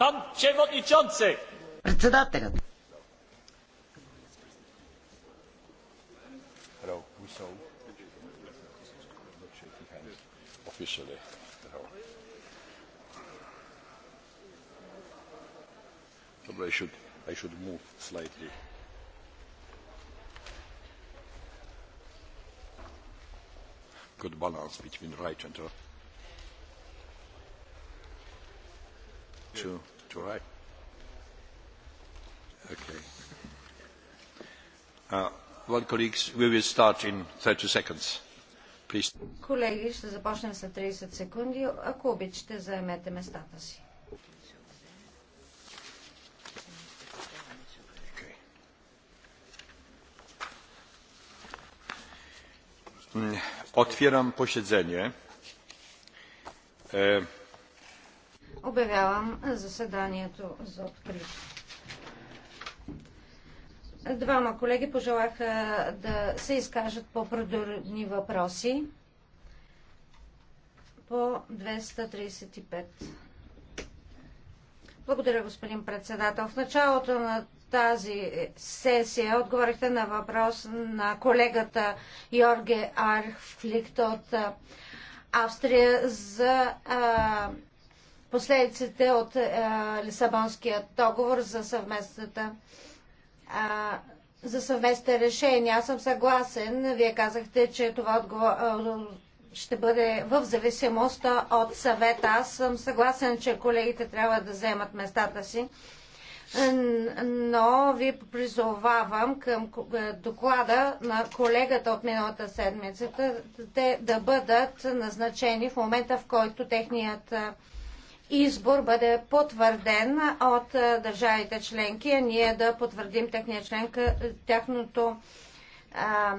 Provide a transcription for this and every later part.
Pan przewodniczący! Председателят. Hello, we saw. Not shaking hands officially. Probably I should, I should move slightly. Good balance between right and left. Two all right. Okay. Uh, well, colleagues, we will start in 30 seconds. Please. Колеги, ще започнем след 30 секунди. Ако обичате, заемете местата си. Otwieram posiedzenie. E, Обявявам заседанието за открито. Двама колеги пожелаха да се изкажат по предурни въпроси по 235. Благодаря, господин председател. В началото на тази сесия отговорихте на въпрос на колегата Йорге Архфликт от Австрия за а, последиците от е, Лисабонския договор за съвместната за съвместни решения. Аз съм съгласен. Вие казахте, че това отговор... ще бъде в зависимост от съвета. Аз съм съгласен, че колегите трябва да вземат местата си. Но ви призовавам към е, доклада на колегата от миналата седмица те да бъдат назначени в момента, в който техният е, избор бъде потвърден от държавите членки, а ние да потвърдим техния членка, тяхното а,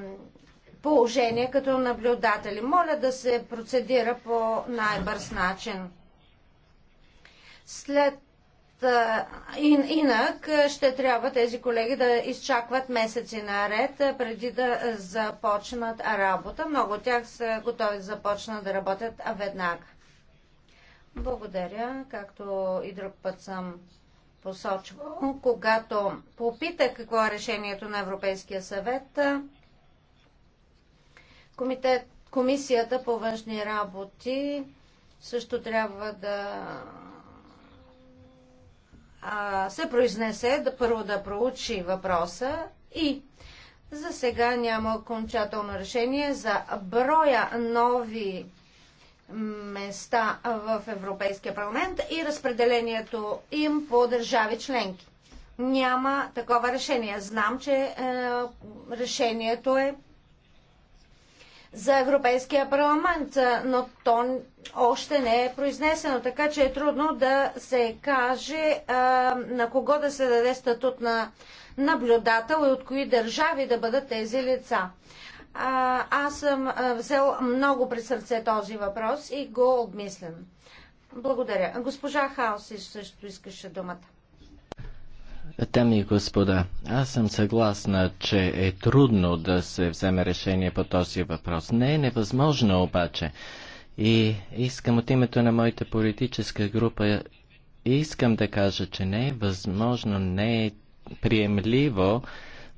положение като наблюдатели. Моля да се процедира по най-бърз начин. След Ин, инак ще трябва тези колеги да изчакват месеци наред преди да започнат работа. Много от тях са готови да започнат да работят веднага. Благодаря, както и друг път съм посочвал. Когато попитах какво е решението на Европейския съвет, комитет, комисията по външни работи също трябва да а, се произнесе, да първо да проучи въпроса и за сега няма окончателно решение за броя нови места в Европейския парламент и разпределението им по държави членки. Няма такова решение. Знам, че е, решението е за Европейския парламент, е, но то още не е произнесено, така че е трудно да се каже е, на кого да се даде статут на наблюдател и от кои държави да бъдат тези лица. А, аз съм а, взел много при сърце този въпрос и го обмислям. Благодаря. Госпожа Хаоси също искаше думата. Дами и господа, аз съм съгласна, че е трудно да се вземе решение по този въпрос. Не е невъзможно обаче. И искам от името на моята политическа група искам да кажа, че не е възможно, не е приемливо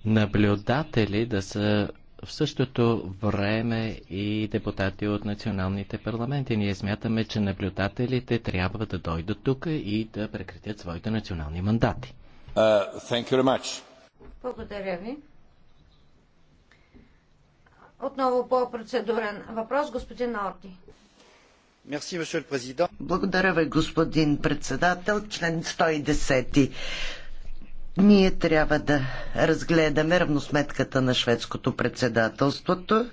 наблюдатели да са в същото време и депутати от националните парламенти. Ние смятаме, че наблюдателите трябва да дойдат тук и да прекратят своите национални мандати. Uh, thank you very much. Благодаря ви. Отново по-процедурен въпрос, господин Орди. Благодаря ви, господин председател. Член 110. Ние трябва да разгледаме равносметката на шведското председателството.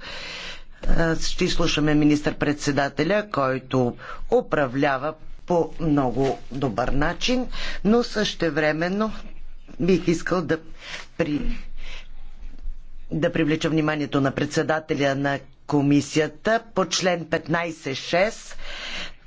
Ще слушаме министър-председателя, който управлява по много добър начин, но времено бих искал да, при... да привлеча вниманието на председателя на комисията по член 15.6,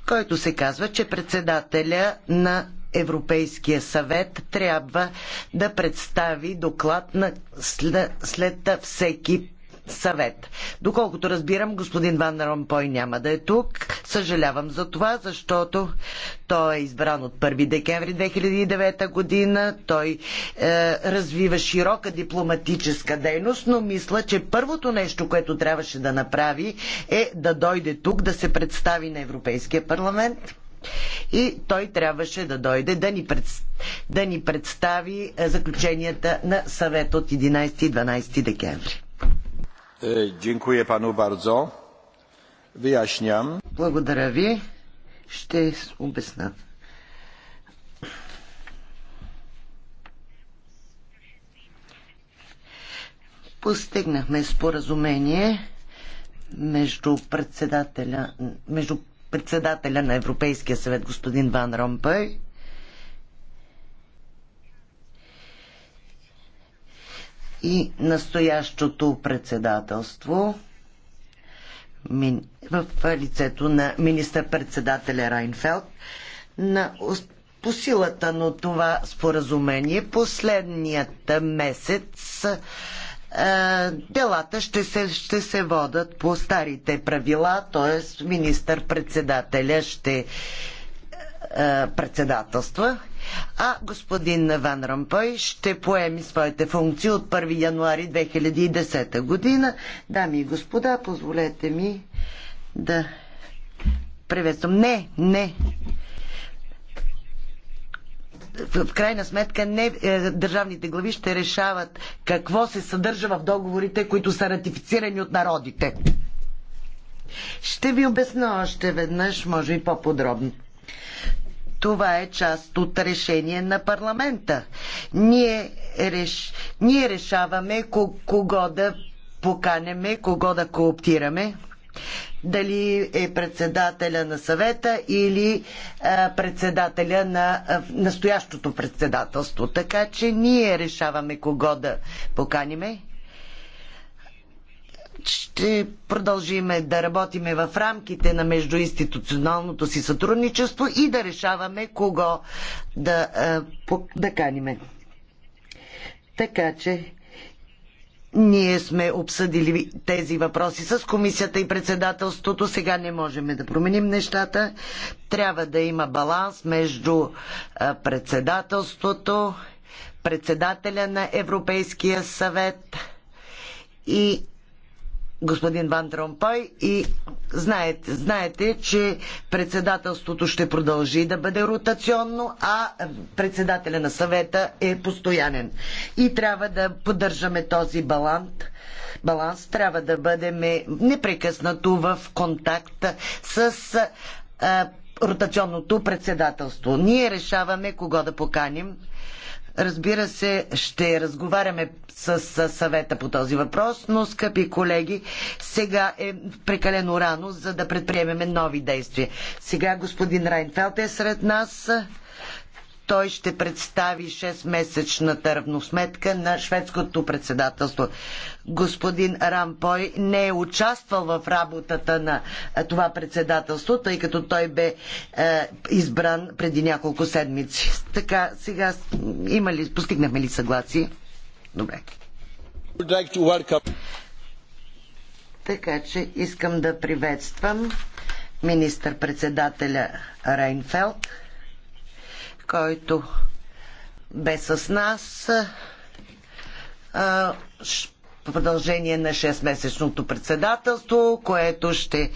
който се казва, че председателя на Европейския съвет трябва да представи доклад на, след, след всеки съвет. Доколкото разбирам, господин Ван Ромпой няма да е тук. Съжалявам за това, защото той е избран от 1 декември 2009 година. Той е, развива широка дипломатическа дейност, но мисля, че първото нещо, което трябваше да направи е да дойде тук, да се представи на Европейския парламент и той трябваше да дойде да ни, пред... да ни представи е, заключенията на съвет от 11 и 12 декември. Е, Благодаря ви. Ще обясна. Постигнахме споразумение между председателя, между председателя на Европейския съвет господин Ван Ромпъй. И настоящото председателство в лицето на министър-председателя Райнфелд на по силата на това споразумение последният месец е, делата ще се, ще се водат по старите правила, т.е. министър-председателя ще е, председателства, а господин Ван Рампой ще поеми своите функции от 1 януари 2010 година. Дами и господа, позволете ми да приветствам. Не, не, в крайна сметка не е, държавните глави ще решават какво се съдържа в договорите, които са ратифицирани от народите. Ще ви обясна още веднъж, може и по-подробно. Това е част от решение на парламента. Ние, реш... Ние решаваме кого да поканеме, кого да кооптираме дали е председателя на съвета или е, председателя на е, настоящото председателство. Така че ние решаваме кого да поканиме ще продължиме да работиме в рамките на междуинституционалното си сътрудничество и да решаваме кого да, е, да каниме. Така че ние сме обсъдили тези въпроси с комисията и председателството. Сега не можем да променим нещата. Трябва да има баланс между председателството, председателя на Европейския съвет и господин Ван Тромпой и знаете, знаете, че председателството ще продължи да бъде ротационно, а председателя на съвета е постоянен. И трябва да поддържаме този баланс. Баланс трябва да бъдем непрекъснато в контакт с а, ротационното председателство. Ние решаваме кого да поканим Разбира се, ще разговаряме с, съвета по този въпрос, но, скъпи колеги, сега е прекалено рано, за да предприемеме нови действия. Сега господин Райнфелт е сред нас той ще представи 6-месечната равносметка на шведското председателство. Господин Рампой не е участвал в работата на това председателство, тъй като той бе е, избран преди няколко седмици. Така, сега има ли, постигнахме ли съгласие? Добре. Така че искам да приветствам министър-председателя Рейнфелд който бе с нас в продължение на 6-месечното председателство, което ще